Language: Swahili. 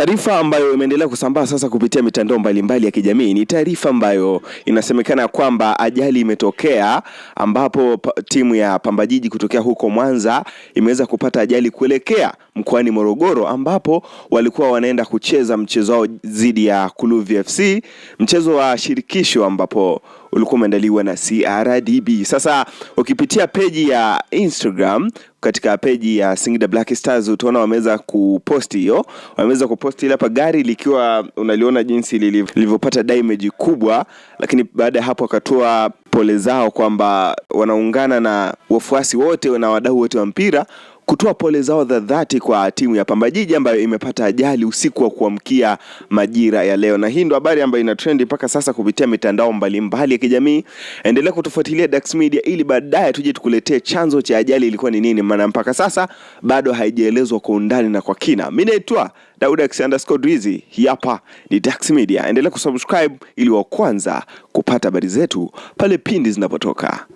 Taarifa ambayo imeendelea kusambaa sasa kupitia mitandao mbalimbali ya kijamii ni taarifa ambayo inasemekana kwamba ajali imetokea ambapo timu ya Pamba Jiji kutokea huko Mwanza imeweza kupata ajali kuelekea mkoani Morogoro ambapo walikuwa wanaenda kucheza mchezo wao dhidi ya Kuluvi FC, mchezo wa shirikisho ambapo ulikuwa umeandaliwa na CRDB. Sasa ukipitia peji ya Instagram katika peji ya Singida Black Stars utaona wameweza kuposti hiyo, wameweza kuposti ile hapa gari likiwa unaliona jinsi lilivyopata damage kubwa, lakini baada ya hapo wakatoa pole zao kwamba wanaungana na wafuasi wote na wadau wote wa mpira kutoa pole zao za dhati kwa timu ya Pamba Jiji ambayo imepata ajali usiku wa kuamkia majira ya leo, na hii ndo habari ambayo ina trendi mpaka sasa kupitia mitandao mbalimbali ya kijamii. Endelea kutufuatilia Dax Media ili baadaye tuje tukuletee chanzo cha ajali ilikuwa ni nini, maana mpaka sasa bado haijaelezwa kwa undani na kwa kina. Mimi naitwa Dax underscore Drizzy, hapa ni Dax Media. Endelea kusubscribe ili wa kwanza kupata habari zetu pale pindi zinapotoka.